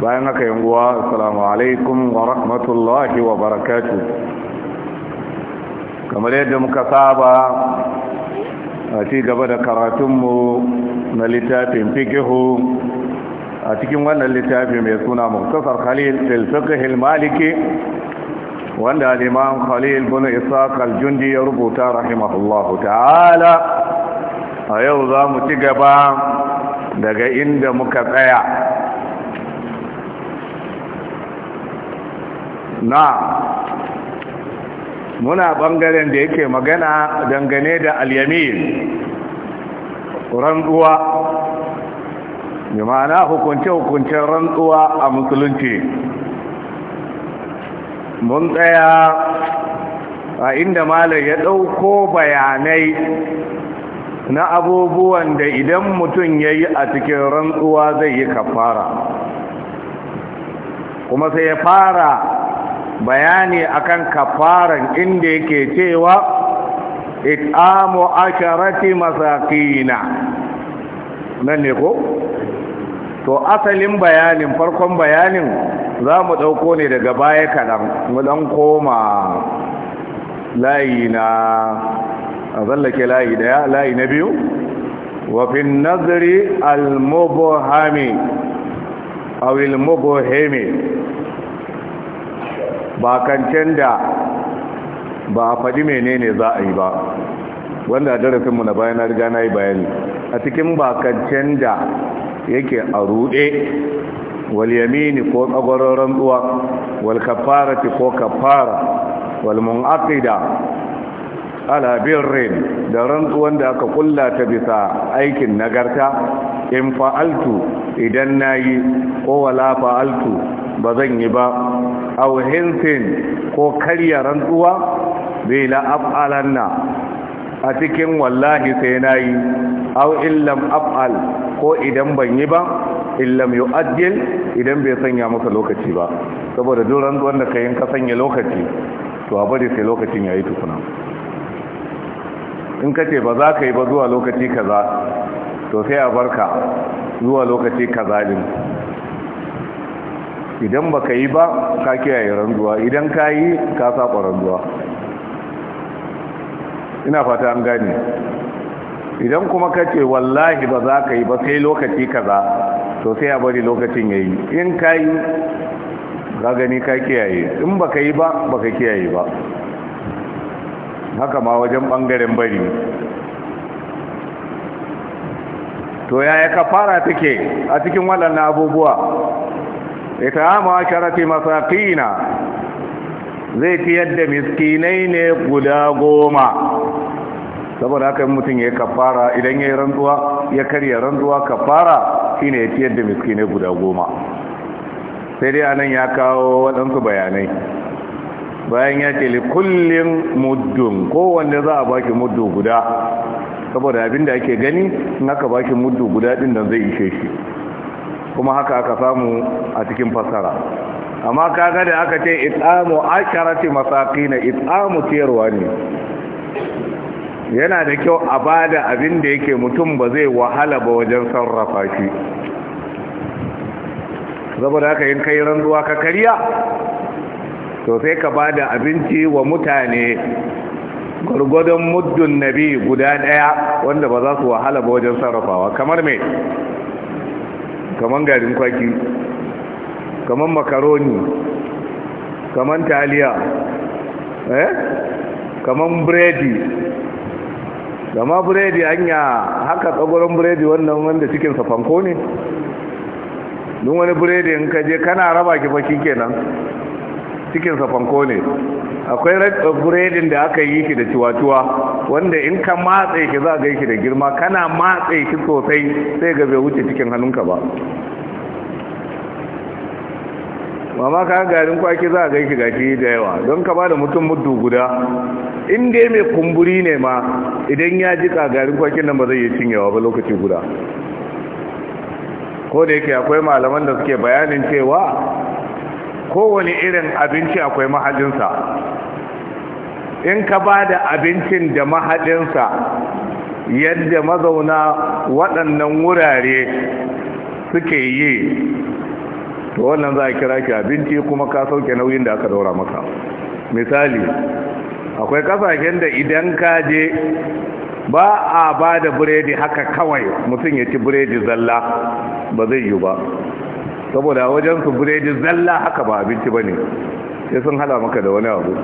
bayan haka yanguwa assalamu alaikum wa rahmatullahi wa barakatu kamar yadda muka saba a ci gaba da karatunmu na littafin fikihu a cikin wannan littafi mai suna muktasar khalil filfikihil maliki wanda liman khalil bin isaac aljundi ya rubuta rahimahullahu ta'ala a yau za mu ci gaba daga inda muka tsaya na muna bangaren da yake magana dangane da alyamin rantsuwa da ma'ana hukunce-hukuncen rantsuwa a musulunci mun tsaya a inda malar ya ɗauko bayanai na abubuwan da idan mutum ya yi a cikin rantsuwa zai yi kafara kuma sai ya fara bayani akan kafaran inda yake cewa it'amu asharati masakina nan ne ko to asalin bayanin farkon bayanin za mu ɗauko ne daga baya kaɗan mu ɗan koma layi na a zallake layi ɗaya layi na biyu wafin nazari al-mubahami awil ba kancan da ba a faɗi menene za a yi ba wanda a darasinmu na bayan riga na yi bayani a cikin bakancen da yake a ruɗe wal yamini ko tsagwaroron rantsuwa, wal ko kafara wal aqida ala birrin da rantsuwan da aka kulla ta bisa aikin nagarta in fa'altu idan nayi ko wala fa'altu ba zan yi ba aw hinsin ko karya rantsuwa bai la'af'alanna a cikin wallahi sai na yi au illam af'al ko idan ban yi ba illam yu'ajjil idan bai sanya masa lokaci ba saboda duk rantsuwan da yin ka sanya lokaci to a bari sai lokacin yayi tukuna in ka ce ba za ka yi ba zuwa lokaci kaza to sai a barka zuwa lokaci kaza din idan ba ka yi ba ka kiyaye randuwa idan ka yi ka saba randuwa ina fata an gane idan kuma ka ce wallahi ba za ka yi ba sai lokaci kaza to sai a bari lokacin ya yi in ka yi ka gani ka kiyaye in ba ka yi ba ba ka kiyaye ba haka ma wajen bangaren bari to yaya ka fara take a cikin waɗannan abubuwa ita ma'asharati masakina zai ci yadda miskinai ne guda goma saboda haka mutum ya kafara idan ya yi rantsuwa ya karya rantsuwa kafara shine ya ci yadda miskinai guda goma sai dai anan ya kawo waɗansu bayanai bayan ya ce kullum muddun kowanne za a baki muddu guda saboda abinda ake gani in aka baki muddu guda ɗin nan zai ishe shi kuma haka aka samu a cikin fasara. amma ka ga da aka ce it'amu asharati masaqina itsamu tiyarwa ne yana da kyau a bada abin da yake mutum ba zai wahala ba wajen sarrafa shi da aka yin kai randuwa ka kariya to sai ka bada abinci wa mutane gurgudun muddun nabi guda daya wanda ba za su wahala ba wajen sarrafawa kamar mai kaman garin kwaki kaman makaroni kaman taliya eh kaman biredi gama biredi anya haka tsagoron biredi wannan wanda cikinsa fanko ne don wani biredi in kaje kana raba ki baki kenan Cikinsa safanko ne akwai buredin da aka yi ki da ciwa-ciwa, wanda in ka matsa ki za ga ki da girma kana matsa ki sosai sai ga bai wuce cikin hannunka ba mama ka garin kwaki za a gaiki gashi da yawa don ka ba da mutum muddu guda in dai mai kumburi ne ma idan ya ji garin kwakin nan ba zai yi cinyewa ba lokaci guda ko da yake akwai malaman da suke bayanin cewa kowane irin abinci akwai mahajinsa in ka ba da abincin da mahajinsa yadda mazauna waɗannan wurare suke yi to wannan za a kira ki abinci kuma ka sauke nauyin da aka daura maka misali akwai kasashen da idan ka je ba a ba da buredi haka kawai mutum ya ci biredi zalla ba zai yi ba saboda wajen su buredi zalla haka ba abinci bane sai sun hala maka da wani abu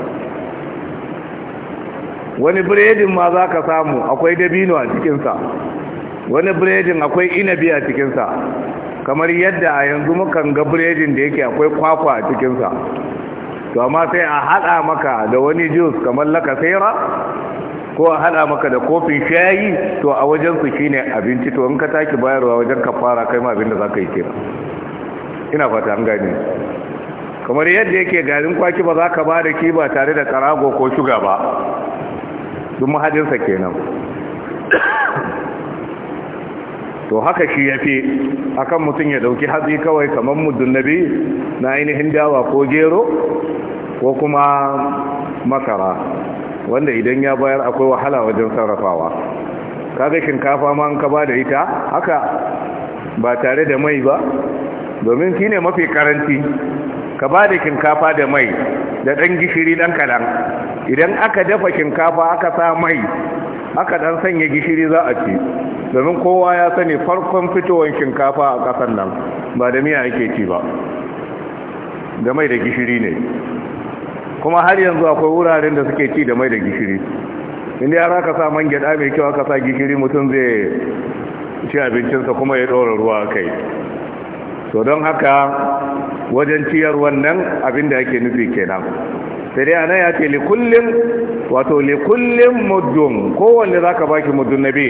wani biredin ma zaka samu akwai dabino a cikinsa wani biredin akwai inabi a cikinsa kamar yadda a yanzu mukan ga biredin da yake akwai kwakwa a cikinsa to amma sai a hada maka da wani jus kamar sera ko a hada maka da kofin shayi to a wajensu shine abinci to in ka taki bayarwa wajen ka fara kai ma abin da za ka yi kenan ina fata an gane kamar yadda yake garin kwaki ba za ka ba da ki ba tare da karago ko shuga ba duk mahajinsa kenan to haka shi ya fi akan mutum ya dauki hatsi kawai kamar muddin nabi na ainihin dawa ko gero ko kuma makara wanda idan ya bayar akwai wahala wajen sarrafawa kaga shinkafa ma an ka ba da ita haka ba tare da mai ba domin shi ne mafi karanti, ka ba da shinkafa da mai da ɗan gishiri ɗan kaɗan idan aka dafa shinkafa aka sa mai aka ɗan sanya gishiri za a ci domin kowa ya sani farkon fitowar shinkafa a ƙasar nan ba da miya ake ci ba da mai da gishiri ne kuma har yanzu akwai wuraren da suke ci da mai da gishiri inda yara ka sa man gyaɗa mai kyau aka sa gishiri mutum zai ci abincinsa kuma ya ɗora ruwa kai to don haka wajen ciyar wannan abin da yake nufi kenan sai dai ana ya ce likullin wato likullin mudun kowanne za ka baki na nabi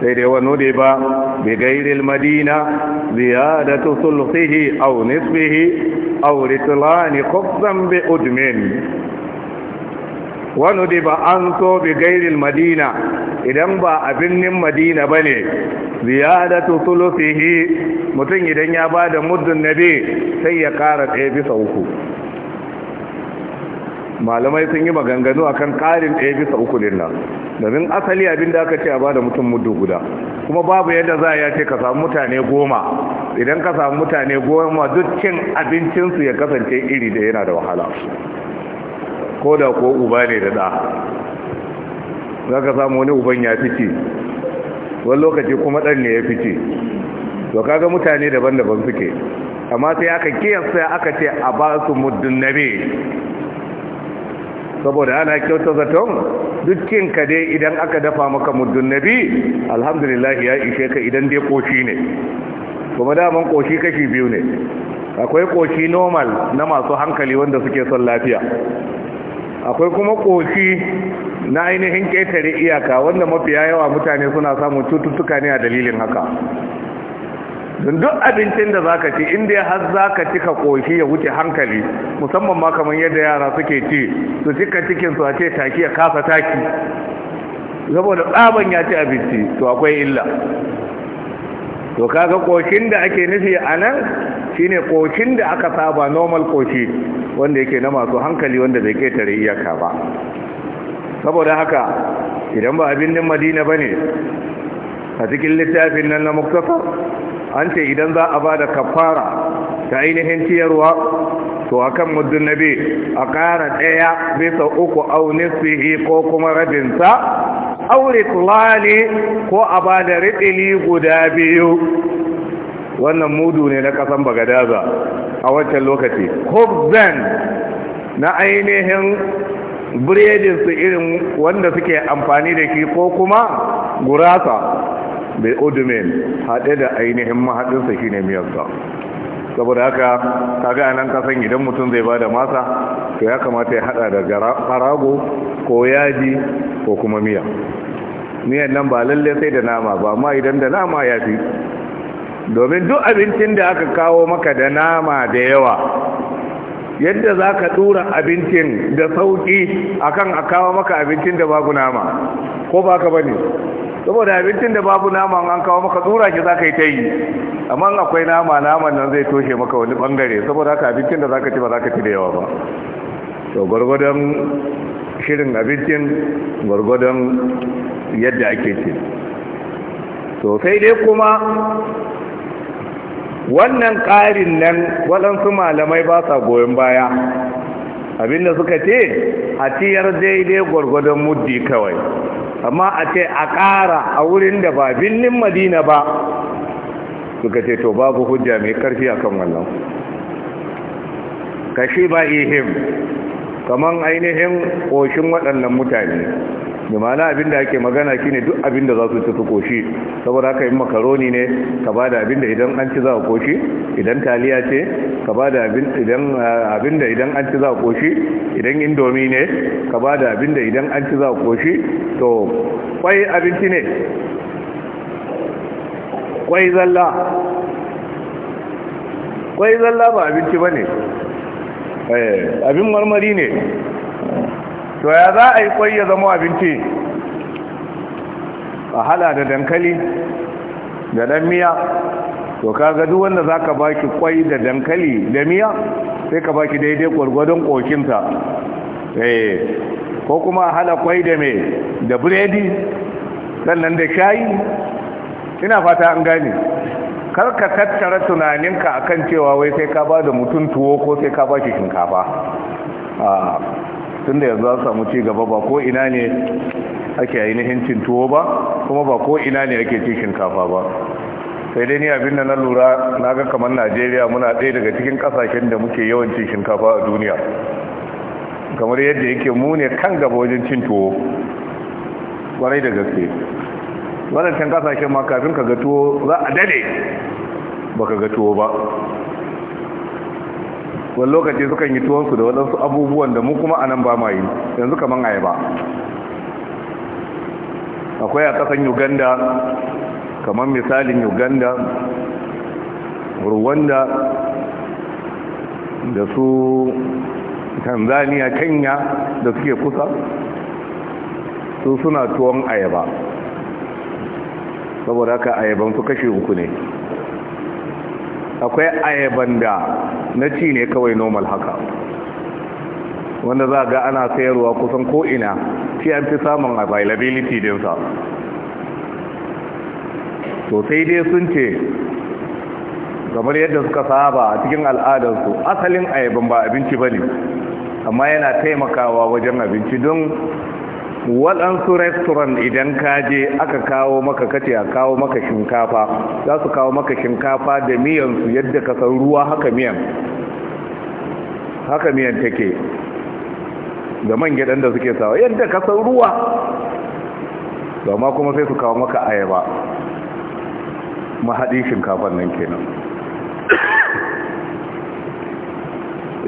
sai dai wano dai ba bi gairil madina ziyadatu sulhihi aw nisbihi aw ritlani khubzan bi udmin wani da ba an so bi gairin madina idan ba a birnin madina ba ne tutulu fihi mutum idan ya ba da muddin nabi sai ya kara ɗaya bisa uku malamai sun yi maganganu akan ƙarin ɗaya bisa uku din nan domin asali abin da aka ce a ba da mutum muddu guda kuma babu yadda za a ya ka samu mutane goma idan ka samu mutane goma duk cin abincinsu ya kasance iri da yana da wahala ko da ko uba ne da da za ka samu wani uban ya fice wani lokaci kuma ɗan ne ya fice to kaga mutane daban-daban suke amma sai aka kiyasta aka ce a ba su muddin nabi saboda ana kyauta zaton dukkin ka dai idan aka dafa maka muddin nabi alhamdulillah ya ishe ka idan dai koshi ne kuma daman koshi kashi biyu ne akwai koshi normal na masu hankali wanda suke son lafiya akwai kuma ƙoshi na ainihin ƙetare iyaka wanda mafiya yawa mutane suna samun cututtuka ne a dalilin haka don duk abincin da zaka ci inda har zaka ci ka ƙoshi ya wuce hankali musamman ma kamar yadda yara suke ci su cika cikin su a ce taki ya kasa taki saboda tsaban ya ci abinci to akwai illa to kaga ƙoshin da ake nufi a nan shine kocin da aka saba normal koci wanda yake na masu hankali wanda bai ketare iyaka ba saboda haka idan ba abin din madina ba ne a cikin littafin nan na muktasar an ce idan za a ba da kafara ta ainihin ciyarwa to a kan muddin nabi a ƙara ɗaya bisa uku aunisihi ko kuma rabinsa aure tulali ko a ba da riɗini guda biyu wannan mudu ne na kasan bagadaza a wancan lokaci hobzen na ainihin biredin su irin wanda suke amfani da shi ko kuma gurasa bai odumen haɗe da ainihin mahaɗinsa shi ne miyarsa saboda haka kaga a nan kasan idan mutum zai bada masa to ya kamata ya haɗa da farago ko yaji ko kuma miya miyan nan ba lalle sai da nama ba amma idan da nama ya fi domin duk abincin da aka kawo maka da nama da yawa yadda za ka ɗura abincin da sauƙi akan a kawo maka abincin da babu nama ko ba ka bane saboda abincin da babu nama an kawo maka tsura shi za ka yi ta yi amma akwai nama naman nan zai toshe maka wani bangare saboda haka abincin da za ka ci ba za ka ci da yawa ba to gwargwadon shirin abincin gwargwadon yadda ake ci to sai dai kuma wannan ƙarin nan waɗansu malamai ba sa goyon baya abinda suka ce a ciyar daidai gwargwadon muddi kawai amma a ce a ƙara a wurin da ba binnin madina ba suka ce to babu hujja mai ƙarfi a kan wannan kashi ba ihim kamar ainihin ƙoshin waɗannan mutane da ma'ana abin da ake magana shine duk abin da za su ci su koshi saboda haka in makaroni ne ka ba da abin da idan an ci za a koshi idan taliya ce ka ba da abin ah, da idan an ci za a koshi idan indomi ne ka ba da abin da idan an ci za a koshi to kwai abinci ne kwai zalla kwai zalla ba abinci ba ne eh, abin marmari ne to ya za a yi kwai ya zama abinci a hala da dankali da dan miya to kaga gadu wanda zaka baki kwai da dankali da miya sai ka baki daidai gwargwadon kokinta eh ko kuma hala kwai da mai da biredi sannan da shayi ina fata an gane kar ka tattara tunaninka akan cewa wai sai ka ba da mutum tuwo ko sai ka ba shi shinkafa ah. tun da yanzu an samu ci gaba ba ko ina ne ake ainihin cin tuwo ba kuma ba ko ina ne ake cin shinkafa ba sai dai ni abin da na lura na ga kamar najeriya muna ɗaya daga cikin ƙasashen da muke yawan cin shinkafa a duniya kamar yadda yake mu ne kan gaba wajen cin tuwo kwarai da gaske wadancan kasashen ma kafin ka ga tuwo za a dade baka ga tuwo ba wani lokaci sukan yi tuwonsu da waɗansu abubuwan da mu kuma anan ba ma yi yanzu kaman ayaba akwai a ƙasan uganda kamar misalin uganda rwanda da su tanzania kenya da suke kusa su suna tuwon ayaba saboda haka ayaban su kashe uku ne akwai ayaban da na ci ne kawai normal haka wanda za ga ana sayarwa kusan ko'ina ci an fi samun availability dinsa to sai dai sun ce kamar yadda suka saba a cikin al'adarsu asalin ayaban ba abinci ba ne amma yana taimakawa wajen abinci don waɗansu restaurant idan ka je aka kawo maka kace a kawo maka shinkafa za su kawo maka shinkafa da miyansu yadda ka san ruwa haka miyan haka miyan take da man gidan da suke sawa yadda ka san ruwa amma kuma sai su kawo maka ayaba mahaɗin shinkafan nan kenan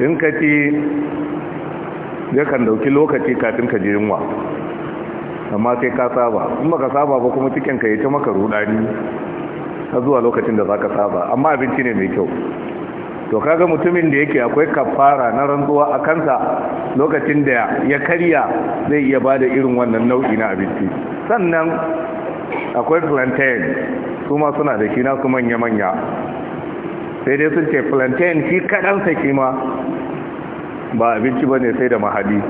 in ka ce yakan dauki lokaci kafin ka ji yunwa amma sai ka saba in baka saba ba kuma cikin ka yace maka rudani har zuwa lokacin da zaka saba amma abinci ne mai kyau to kaga mutumin da yake akwai kafara na rantsuwa a kansa lokacin da ya karya zai iya bada irin wannan nau'i na abinci sannan akwai plantain su ma suna da shi nasu manya-manya sai dai sun ce plantain shi kaɗansa shi ba abinci ba ne sai da mahadi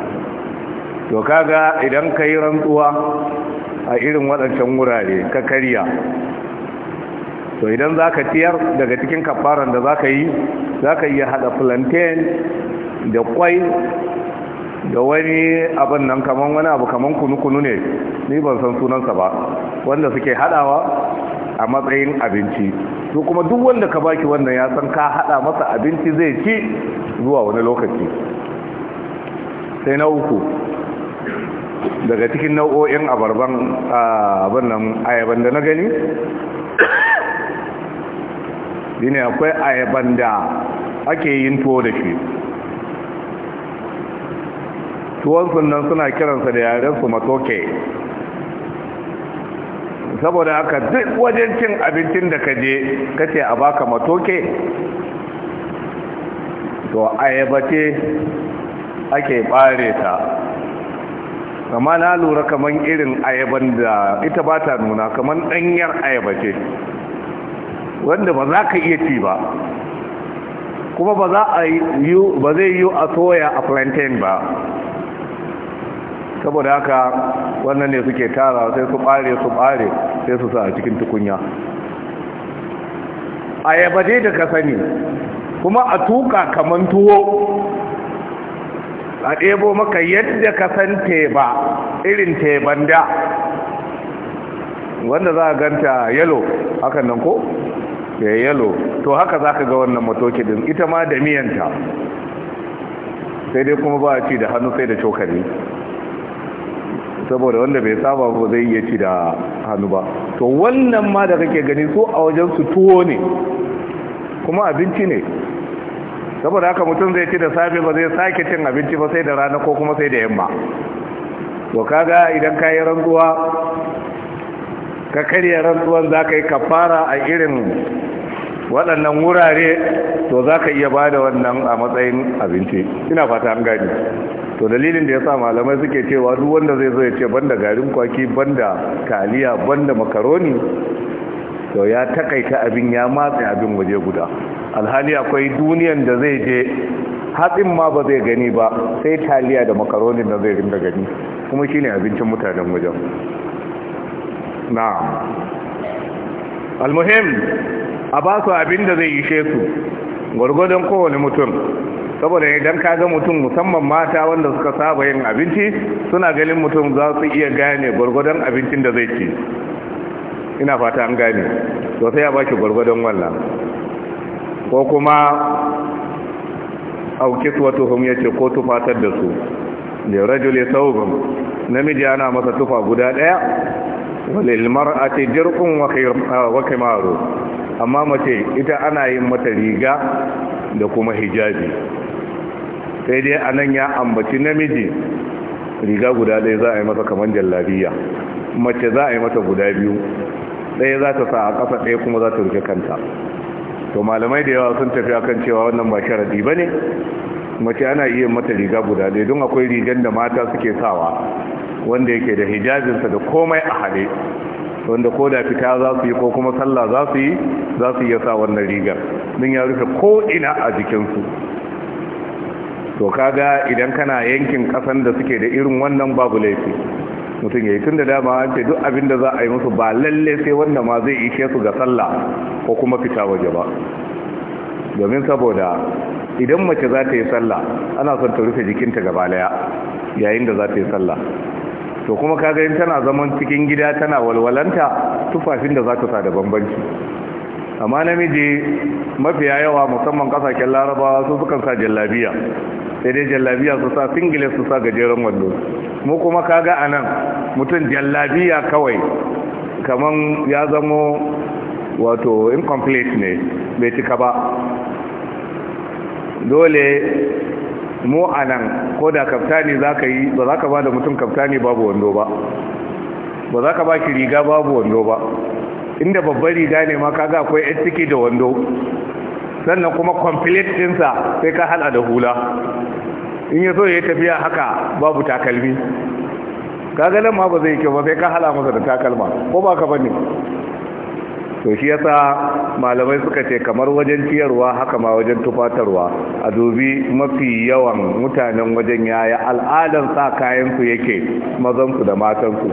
to kaga idan ka yi rantsuwa a irin waɗancan wurare ka karya to idan za ka ciyar daga cikin kafaran da za ka yi za ka iya haɗa plantain da kwai da wani abin nan kaman wani abu kaman kunu-kunu ne ni ban san sunansa ba wanda suke haɗawa a matsayin abinci to kuma duk wanda ka baki wannan ya san ka haɗa masa abinci zai ci zuwa wani lokaci sai na uku daga cikin nau'o'in abarban abin nan ayaban da na gani shine akwai ayaban da ake yin tuwo da shi tuwon sunan suna kiransa da yaren matoke saboda haka duk wajen cin abincin da ka je kace a baka matoke to ayaba ce ake bare ta amma na lura kamar irin ayaban da ita ba ta nuna kaman 'danyar ayaba ce wanda ba za ka iya ci ba kuma ba za a yi ba zai yi a soya a plantain ba saboda haka wannan ne suke tara sai su bare su bare sai su sa a cikin tukunya ayaba dai da ka sani kuma a tuka kaman tuwo a ɗebo maka yadda ka san teba irin teban da wanda za a ganta yalo hakan nan ko ya eh, yalo to haka za ka ga wannan matoki din ita ma da miyanta sai dai kuma ba a ci da hannu sai da cokali saboda wanda bai saba ba zai iya ci da hannu ba to wannan ma da kake gani so a wajen su tuwo ne kuma abinci ne saboda haka mutum zai ci da safe ba zai sake cin abinci ba sai da rana ko kuma sai da yamma to kaga idan ka yi rantsuwa ka karya rantsuwan za ka yi kafara a irin waɗannan wurare to za ka iya ba da wannan a matsayin abinci ina fata an gani to dalilin da ya sa malamai suke cewa duk wanda zai zo ya ce banda garin kwaki banda taliya banda makaroni to ya takaita abin ya matsa abin waje guda alhali akwai duniyan da zai je hatsin ma ba zai gani ba sai taliya da makaronin da zai rinda gani kuma shi ne abincin mutanen wajen na almuhim a ba su abin da zai ishe su gwargwadon kowane mutum saboda idan ka ga mutum musamman mata wanda suka saba yin abinci suna ganin mutum za su iya gane gwargwadon abincin da zai ci ina fata an gane sosai ya ba baki gwargwadon wannan ko kuma aukis wato hum yace ko tufatar da su da rajuli saubun namiji ana masa tufa guda daya walil mar'ati jirqun ah, wa khimaru amma mace ita ana yin mata riga da kuma hijabi sai dai a nan ya ambaci namiji riga guda ɗaya za a yi masa kamar jallabiya mace za a yi mata guda biyu ɗaya za ta sa a ƙasa ɗaya kuma za ta rike kanta to malamai da yawa sun tafi akan cewa wannan ba sharadi ba ne mace ana iya mata riga guda ɗaya don akwai rigar da mata suke sawa wanda yake da hijajinsa da komai a hade wanda ko da fita za su yi ko kuma sallah za su yi za su iya sa wannan rigar don ya rufe ko ina a jikinsu to kaga idan kana yankin kasan da suke da irin wannan babu laifi mutum ya yi tun da dama an ce duk abin da za a yi musu ba lalle sai wanda ma zai ishe su ga sallah ko kuma fita waje ba domin saboda idan mace za ta yi sallah ana son ta rufe jikinta gaba daya yayin da za ta yi sallah to kuma kaga in tana zaman cikin gida tana walwalanta tufafin da za ta sa da bambanci amma namiji mafiya yawa musamman kasashen larabawa su sukan sa jallabiya sai dai jallabiya su sa singile su sa gajeren wando mu kuma kaga a nan mutum jallabiya kawai kamar ya zamo wato incomplete ne bai cika ba dole mu a nan ko da kaftani za ka yi ba za ka ba da mutum kaftani babu wando ba ba za ka ba ki riga babu wando ba inda babbar riga ne ma kaga akwai yan ciki da wando sannan kuma complete ɗinsa sai ka hada da hula in ya zo ya tafiya haka babu takalmi kaga nan ma ba zai kyau ba sai ka hala masa da takalma ko ba ka bane to shi yasa malamai suka ce kamar wajen ciyarwa haka ma wajen tufatarwa a dubi mafi yawan mutanen wajen yaya al'adar sa kayan su yake mazan su da matan su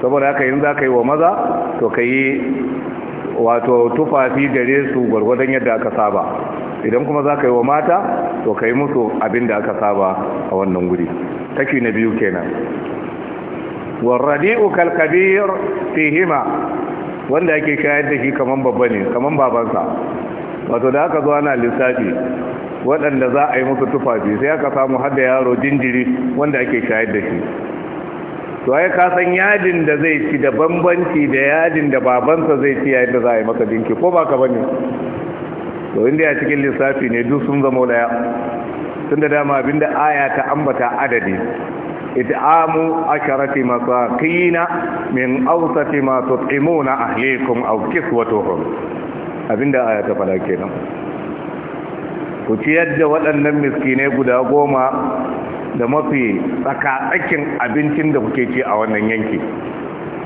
saboda haka yin za ka yi wa maza to ka yi wato tufafi gare su gwargwadon yadda aka saba idan kuma za ka yi wa mata to ka yi musu abin da aka saba a wannan guri Taki na biyu kenan warradi'u Kabir fihima wanda ake shayar da shi kaman babba ne kaman babansa wato da aka zo ana lissafi waɗanda za a yi musu tufafi sai aka samu har yaro jinjiri wanda ake shayar da shi to ai ka san yadin da zai ci da bambanci da yadin da babansa zai ci yayin da za a yi maka dinki ko ba ka bane to inda ya cikin lissafi ne duk sun zama daya tun da dama abinda aya ta ambata adadi it'amu asharati masakina min awsati ma tut'imuna ahlikum aw kiswatuhum abinda aya ta fada kenan ku ciyar da waɗannan miskinai guda goma da mafi tsakatsakin abincin da kuke ci a wannan yanki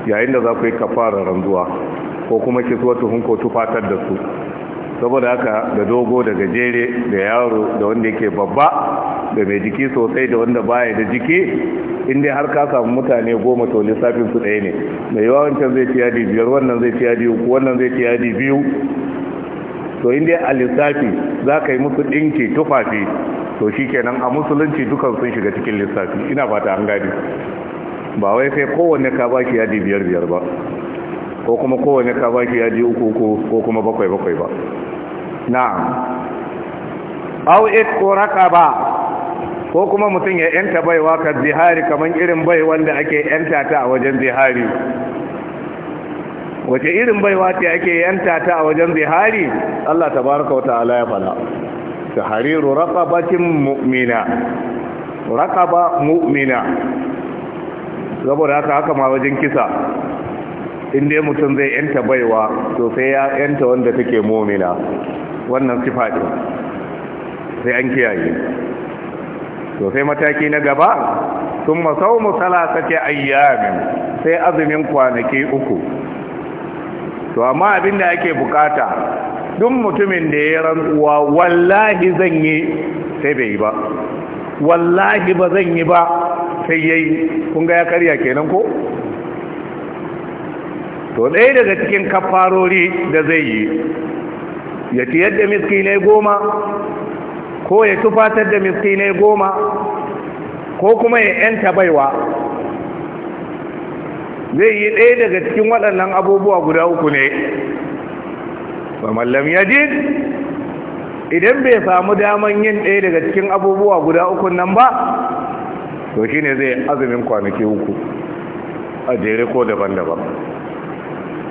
yayin da za ku yi kafara ranzuwa ko kuma ki zuwa ko tufatar da su saboda haka da dogo da gajere da yaro da wanda yake babba da mai jiki sosai da wanda baya da jiki inda har ka samu mutane goma to lissafin su ɗaya ne mai yawa zai ci yadi biyar wannan zai ci yadi biyu to inda a lissafi za ka yi musu ɗinki tufafi to shi kenan a musulunci dukan sun shiga cikin lissafi ina fata an gadi ba wai sai kowanne ka ba shi yadi biyar biyar ba ko kuma kowanne ka ba shi yadi uku uku ko kuma bakwai bakwai ba na'am au ko raka ba ko kuma mutum ya yanta baiwa ka zihari kamar irin bai wanda ake yanta ta a wajen zihari wace irin baiwa ce ake yanta ta a wajen zihari Allah ta wata ala ya fada tahriru raqabatin mu'mina raqaba mu'mina saboda haka haka ma wajen kisa in dai mutum zai yanta baiwa to sai ya yanta wanda take mu'mina wannan sifa din sai an kiyaye to sai mataki na gaba sun masau musala ayyamin sai azumin kwanaki uku to amma abin da ake bukata duk mutumin da ya rantsuwa wallahi zan yi sai bai yi ba wallahi ba zan yi ba sai yayi kun ga ya karya kenan ko to ɗaya daga cikin kafarori da zai yi ya tiyar da miskinai goma ko ya tufatar da miskinai goma ko kuma ya yanta baiwa zai yi ɗaya daga cikin waɗannan abubuwa guda uku ne mallam ji idan bai samu daman yin ɗaya daga cikin abubuwa guda uku nan ba to ne zai azumin kwanaki uku a jere ko daban-daban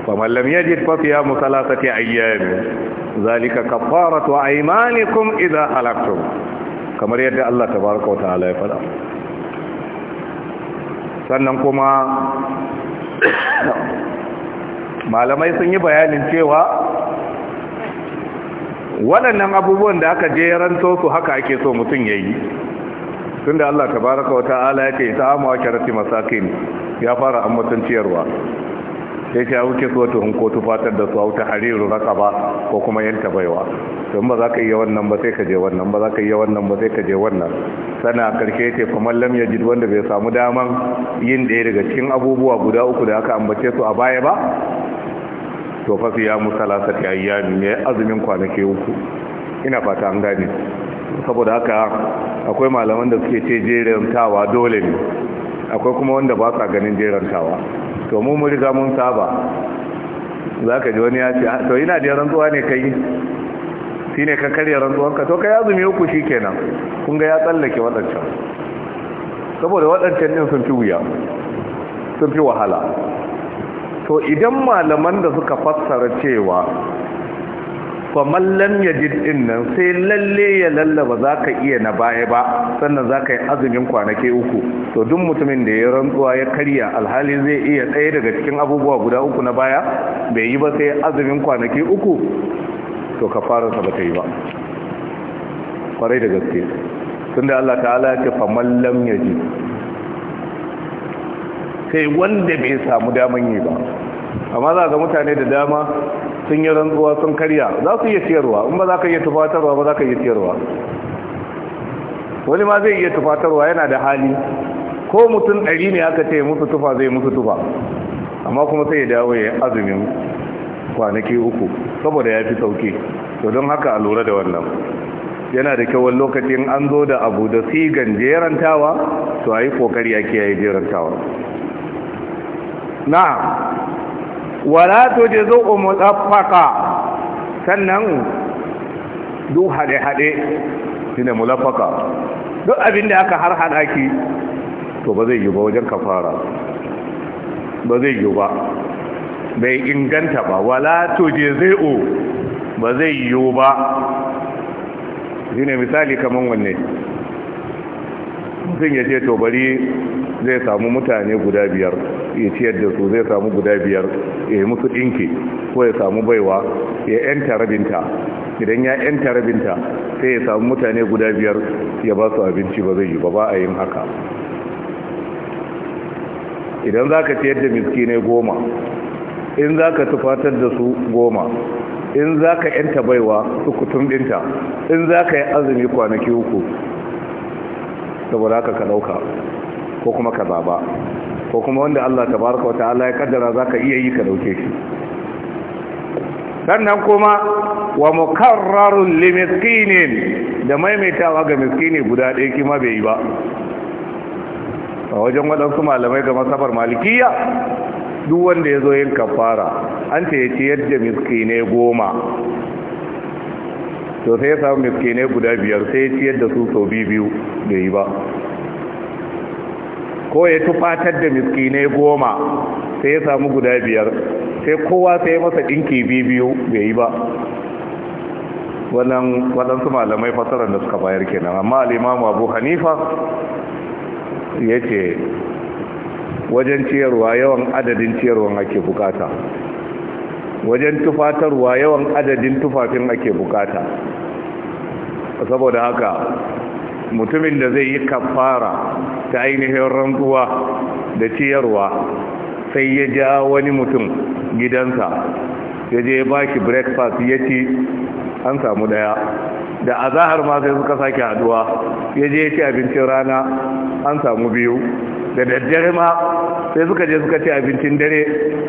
mallam yajid fa siyamu salasati ayyam zalika kaffaratu aymanikum idza halaktum kamar yadda Allah tabaaraka wa ta'ala ya faɗa sannan kuma malamai sun yi bayanin cewa waɗannan abubuwan da aka je ranto su haka ake so mutum ya yi tun da Allah Ta baraka wa ta'ala ya ce ta amu kyarati masakin ya fara ambatan ciyarwa sai ya wuce su in ko tufatar da su a wuta hariru raka ba ko kuma yanta baiwa don ba za ka iya wannan ba sai ka je wannan ba za ka iya wannan ba sai ka je wannan sana karshe ce kuma lam ya jid wanda bai samu daman yin daya daga cikin abubuwa guda uku da aka ambace su a baya ba to fa ya musala sa ta ayyami ya azumin kwanaki uku ina fata an gane saboda haka akwai malaman da suke ce jerantawa dole ne akwai kuma wanda ba sa ganin jerantawa to mu mun riga mun saba za ka ji wani ya ce ah, to ina da rantsuwa ne kai shi ne ka karya rantsuwanka to ka azumi uku shi kenan kun ga ya tsallake waɗancan saboda waɗancan ɗin sun fi wuya sun fi wahala to idan malaman da suka fassara cewa faman ya ji din nan sai lalle ya lallaba ka iya na baya ba sannan za ka yi azumin kwanaki uku to duk mutumin da ya rantsuwa ya karya alhali zai iya tsaye daga cikin abubuwa guda uku na baya bai yi ba sai azumin kwanaki uku to ka sa ba ta yi ba kwarai da gaske tunda Allah ta'ala ya ce faman ya ji sai wanda bai samu daman yi ba amma za ga mutane da dama sun yi rantsuwa sun karya za su iya siyarwa in ba za ka iya tufatarwa ba za ka iya siyarwa wani ma zai iya tufatarwa yana da hali ko mutum ɗari ne aka ce musu tufa zai musu tufa amma kuma sai ya dawo ya azumin kwanaki uku saboda ya fi sauki to don haka a lura da wannan yana da kyau lokacin an zo da abu da sigan jerantawa to a yi kokari a kiyaye jerantawa na. wala to je zo mulaffaka sannan duk haɗe-haɗe shi ne mulaffaka duk abin da aka har haɗa ki to ba zai yi ba wajen kafara ba zai yi ba bai inganta ba wala to je zai o ba zai yi ba shi misali kamar wanne mutum ya ce to bari zai samu mutane guda biyar ya ciyar da su zai samu guda biyar ya yi musu ɗinki ko ya samu baiwa ya yanta rabinta idan ya yanta rabinta sai ya samu mutane guda biyar ya ba su abinci ba zai yi ba ba a yin haka idan za ka ciyar da miskinai goma in za ka tufatar da su goma in za ka yanta baiwa su kutum ɗinta in za ka yi azumi kwanaki uku saboda haka ka ɗauka ko kuma ka zaba ko kuma wanda Allah tabaraka wa ta'ala ya kaddara ka iya yi ka dauke shi sannan kuma wa mukarrarun li miskinin da maimaitawa ga miskini guda ɗaya kima bai yi ba a wajen waɗansu malamai ga masafar malikiya duk wanda ya zo yin kafara an ce ya ci yadda miskine goma to sai ya samu miskinai guda biyar sai ya ciyar yadda su sau biyu bai yi ba ko ya tufatar da miskinai goma sai ya samu guda biyar sai kowa sai masa ɗinki biyu bai yi ba wannan waɗansu malamai fasarar da suka bayar kenan amma alimamu abu hanifa ya ce wajen ciyarwa yawan adadin ciyarwan ake bukata wajen tufatarwa yawan adadin tufafin ake bukata saboda haka mutumin da zai yi kafara ta ainihin rantsuwa da ciyarwa sai ya ja wani mutum gidansa ya je ba shi breakfast ya ci an samu daya da a zahar ma sai suka sake haduwa ya je ya ci abincin rana an samu biyu da daddare ma sai suka je suka ci abincin dare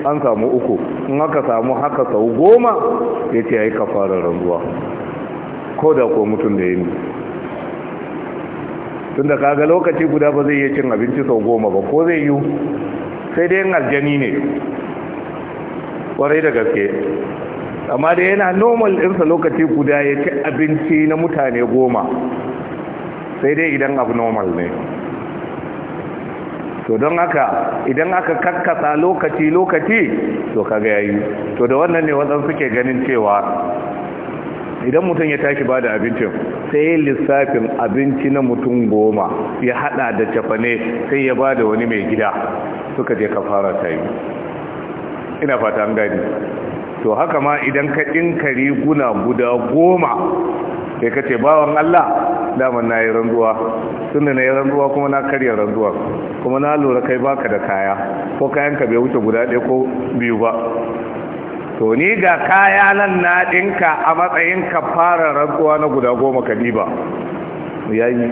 an samu uku in aka samu haka sau goma ya ce ya yi kafarar ranzuwa ko da ko mutum da yi tun tunda kaga lokaci guda ba zai iya cin abinci sau goma ba ko zai yiwu sai dai yin aljani ne kwarai da gaske amma da yana normal ɗinsa lokaci guda ya ci abinci na mutane goma sai dai idan abnormal ne to don haka idan aka kakkasa lokaci-lokaci to kaga yayi to da wannan ne waɗansu suke ganin cewa idan mutum ya tashi ba da abincin sai lissafin abinci na mutum goma ya hada da cafane sai ya ba da wani mai gida suka je kafara ta yi ina fata an gani to haka ma idan ka ɗinka riguna guda goma sai ka ce bawan Allah daman na yi ranzuwa tun na yi ranzuwa kuma na karya ranzuwa kuma na lura kai baka da kaya ko kayanka bai wuce guda ɗaya ko biyu ba to ni ga kaya nan na ɗinka a matsayin ka fara rantsuwa na guda goma ka diba ya yi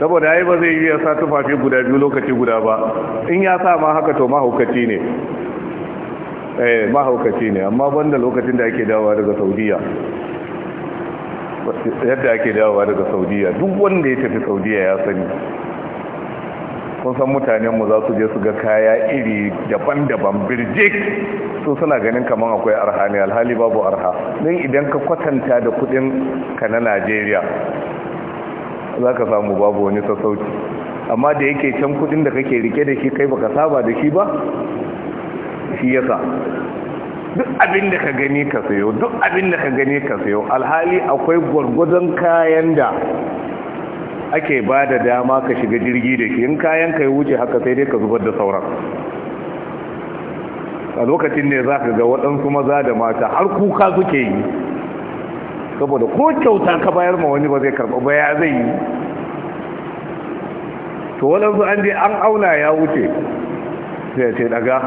saboda ya yi ba zai yi ya sa tufafi guda biyu lokaci guda ba in ya sa ma haka to mahaukaci ne eh mahaukaci ne amma banda lokacin da ake dawowa daga saudiya yadda ake dawowa daga saudiya duk wanda ya tafi saudiya ya sani kun san mutanenmu za su je su ga kaya iri daban-daban birjik su suna ganin kamar akwai arha ne alhali babu arha don idan ka kwatanta da kudin ka na najeriya za ka samu babu wani sassauci amma da yake can kudin da kake rike da shi kai baka saba da shi ba shi yasa duk abin da ka gani ka sayo duk abin da ka gani ka sayo alhali akwai gwargwadon kayan da ake ba da dama ka shiga jirgi da shi in kayan ka wuce haka sai dai ka zubar da sauran a lokacin ne za ka ga waɗansu maza da mata har kuka suke yi saboda ko kyauta ka bayar ma wani ba zai karɓa ba ya zai yi to waɗansu an je an auna ya wuce sai ce daga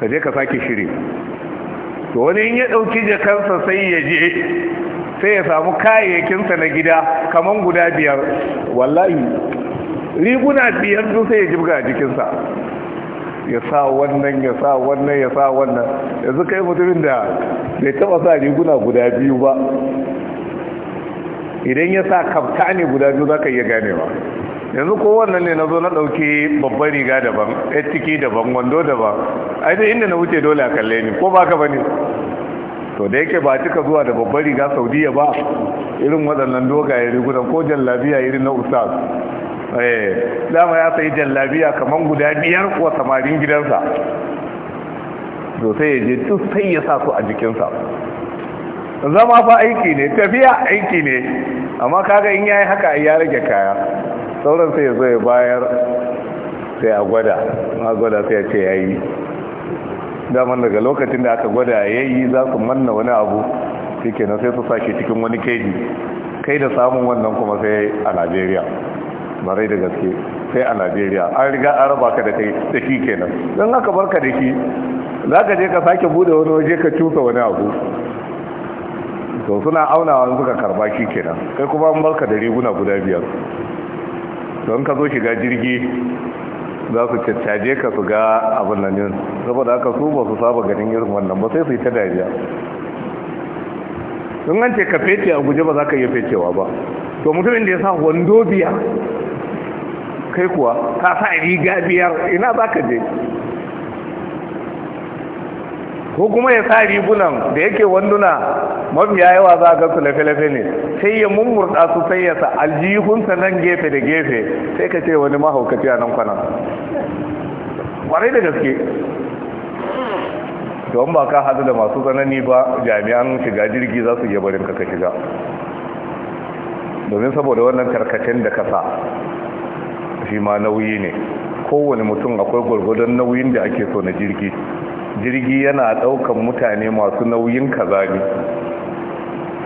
ka je ka sake shiri to wani in ya ɗauki jakansa sai ya je sai ya samu kayayyakinsa na gida kaman guda biyar wallahi riguna biyar sun sai ya jibga a jikinsa ya sa wannan ya sa wannan ya sa wannan yanzu kai mutumin da bai taba sa riguna guda biyu ba idan ya sa kafta ne guda biyu za ka iya ganewa yanzu ko wannan ne na zo na ɗauki babban riga daban ya ciki daban wando daban ainihin inda na wuce dole a kalle ni ko ba ka ba ne to da yake ba cika zuwa da babbar riga saudiya ba irin waɗannan dogaye rigunan ko jallabiya irin na ustaz eh dama ya sayi jallabiya kamar guda biyar wa samarin gidansa to sai ya je duk sai ya sa su a jikinsa zama fa aiki ne tafiya aiki ne amma kaga in yayi haka ya rage kaya sauran sai ya zo ya bayar sai a gwada ma gwada sai ya ce yayi daman daga lokacin da aka gwada ya yi za su manna wani abu shikenan sai su sake cikin wani keji kai da samun wannan kuma sai a Najeriya marai da gaske sai a Najeriya an riga an raba ka da kai da shi kenan don haka barka da shi za ka je ka sake bude wani waje ka cuta wani abu to suna aunawa suka karba shi kenan kai kuma an barka da riguna guda biyar don ka zo shiga jirgi za su caccaje ka su ga abin nan yin saboda aka su ba su saba ganin irin wannan ba sai su yi ta dariya sun an ce ka fece a guje ba za ka iya fecewa ba to mutumin da ya sa wando biya kai kuwa ka sa riga biyar ina za ka je ko kuma ya sa rigunan da yake wanduna mafiya yawa za ga gasu lafe-lafe ne sai ya mummurda su sai ya sa aljihunsa nan gefe da gefe sai ka ce wani mahaukaci a nan kwana kwarai da gaske don ba ka hadu da masu tsanani ba jami'an shiga jirgi za su iya barin ka shiga domin saboda wannan karkacin da kasa shi ma nauyi ne kowane mutum akwai gwargwadon nauyin da ake so na jirgi jirgi yana daukan mutane masu nauyin kaza ne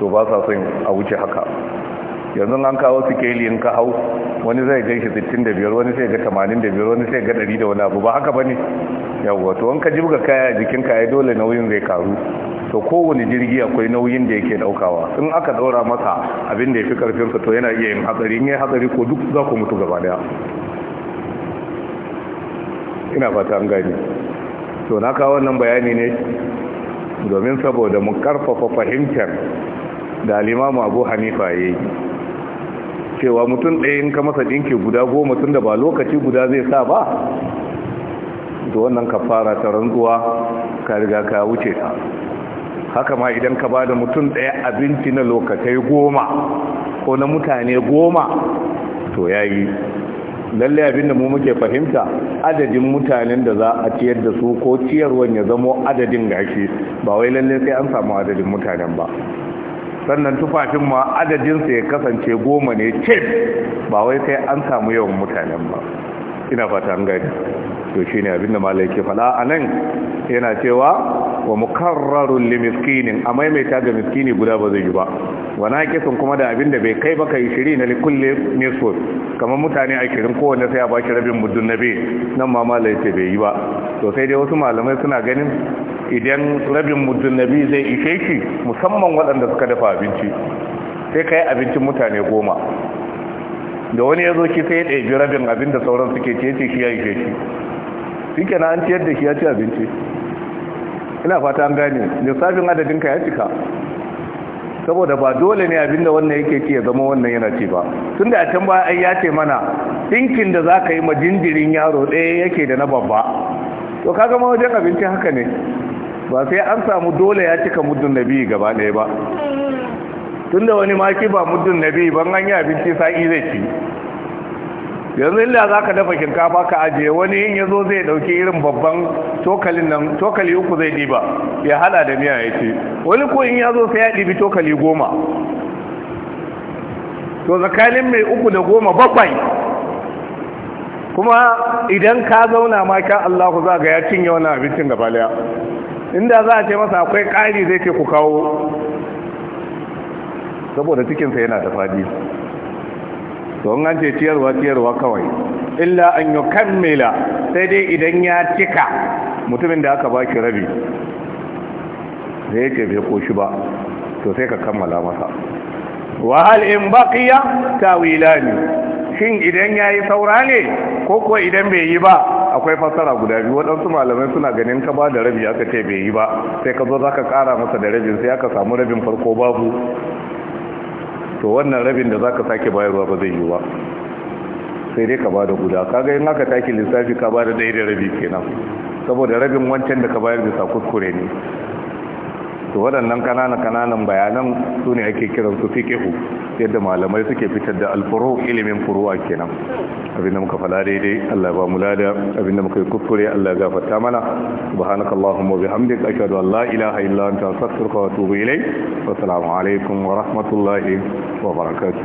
to ba sa son a wuce haka yanzu an kawo sikeli in ka hau wani zai gan shi 65 wani sai ga 85 wani sai ga 100 da wani abu ba haka bane yawwa to wanka ka jibga kaya a jikin ka ai dole nauyin zai karu to kowane jirgi akwai nauyin da yake daukawa in aka daura masa abin da yafi karfin sa to yana iya yin hatsari in yayi hatsari ko duk za ku mutu gaba daya ina fata an gane to na kawo wannan bayani ne domin saboda mu karfafa fahimtar da alimamu abu hanifa ya yi cewa mutum ɗayan ka masa ɗinki guda goma tun da ba lokaci guda zai sa ba da wannan ka fara ta rantsuwa ka riga ka wuce ta haka ma idan ka ba da mutum ɗaya abinci na lokacai goma ko na mutane goma to ya yi lallai abinda mu muke fahimta adadin mutanen da za a ciyar da su ko ciyarwan ya zamo adadin gashi ba wai lallai sai an samu adadin mutanen ba sannan tufafin ma adadinsa ya kasance goma ne ce ba wai sai an samu yawan mutanen ba ina fata an gani to shi ne abinda malai ke fada a nan yana cewa wa mukarrarun li miskinin a maimaita ga miskini guda ba zai yi ba wana kisan kuma da abinda bai kai baka yi shiri na likulle nisfus kamar mutane a kirin kowane sai a ba rabin muddun na nan ma malai ce bai yi ba to sai dai wasu malamai suna ganin idan rabin muddin nabi zai ishe shi musamman waɗanda suka dafa abinci sai ka yi abincin mutane goma da wani ya zo ki sai ya ɗaibi rabin abinda sauran suke ce ce shi ya ishe shi shi ke an ciyar da shi ya ci abinci ina fata an gane lissafin ka ya cika saboda ba dole ne abinda wannan yake ci ya zama wannan yana ci ba tun da a can ba ai ya ce mana ɗinkin da za ka yi ma jinjirin yaro ɗaya yake da na babba to kaga ma wajen abinci haka ne ba sai an samu dole ya cika muddin nabi gaba ɗaya ba tun da wani maki ba muddin nabi ban an yi abinci sa'i zai ci yanzu illa za ka dafa shinkafa ka ajiye wani yin ya zo zai dauki irin babban cokalin nan cokali uku zai ɗiba ya hada da miya ya ce wani ko in ya zo sai ya ɗibi cokali goma to tsakanin mai uku da goma bakwai kuma idan ka zauna ma ka Allah za ga ya cinye wani abincin gaba inda za a ce masa akwai ƙari zai ce ku kawo saboda cikinsa yana da fadi to an ce ciyarwa ciyarwa kawai illa an yi kammila sai dai idan ya cika mutumin da aka baki rabi da ce bai koshi ba to sai ka kammala masa wahal in baqiya tawilani shin idan yayi saura ne ko ko idan bai yi ba akwai fassara guda biyu waɗansu malamai suna ganin ka ba da rabi aka ce bai yi ba sai ka zo za ka ƙara masa da rabin sai aka samu rabin farko babu to wannan rabin da za ka sake bayarwa ba zai yi ba sai dai ka ba da guda kaga in aka taki lissafi ka ba da ɗaya da rabi kenan saboda rabin wancan da ka bayar bisa kuskure ne to waɗannan ƙananan ƙananan bayanan su ne ake kiran su fiƙihu yadda malamai suke fitar da alfuro ilimin furuwa kenan abinda muka fada daidai Allah ba mu lada abinda muka yi kuskure Allah gafarta mana subhanaka allahumma bihamdika ashhadu an la ilaha illa anta astaghfiruka wa atubu sassurka wa alaikum wa rahmatullahi wa barakatu.